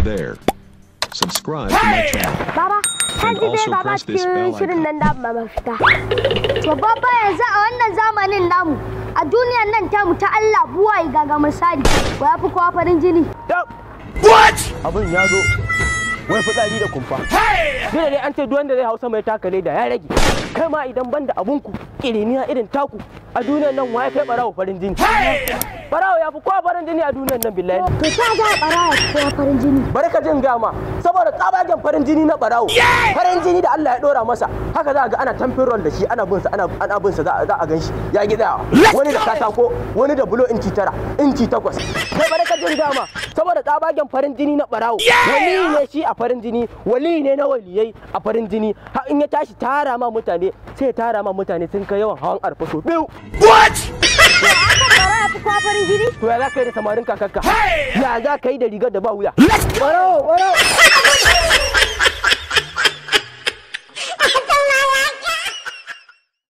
there. Subscribe to my channel. Baba, har ji dai baba cikin shirin nan da mafita. To baba yanzu a wannan zamanin namu a duniyar nan tamu ta Allah buwaye gaga misali wa ya fi kowa farin jini. What? Abin ya zo. Wai fitsari da kumfa. Hey! dole dai an ce duk wanda zai hausa mai taka leda ya rage kai ma idan ban da abunku ƙiriniya irin taku a duniyar nan waye kai barawo farin jini barawo ya fi kowa farin jini a duniyar nan billahi ka ta ga barawo kowa farin jini barka jin gama saboda tsabagen farin jini na barawo farin jini da Allah ya dora masa haka za a ga ana tamfin da shi ana bin sa ana ana bin sa za a gan shi ya gida. wani da katako wani da bulo inci tara inci takwas kai barka jin gama saboda tsabagen farin jini na barawo wali ne shi a farin jini wali ne na wali yayi a farin jini har in ya tashi tara ma mutane sai ya tara ma mutane sun kai yawan hawan arfa so biyu what ya za ka yi da samarin kakakka ya za ka yi da rigar da ba wuya baro baro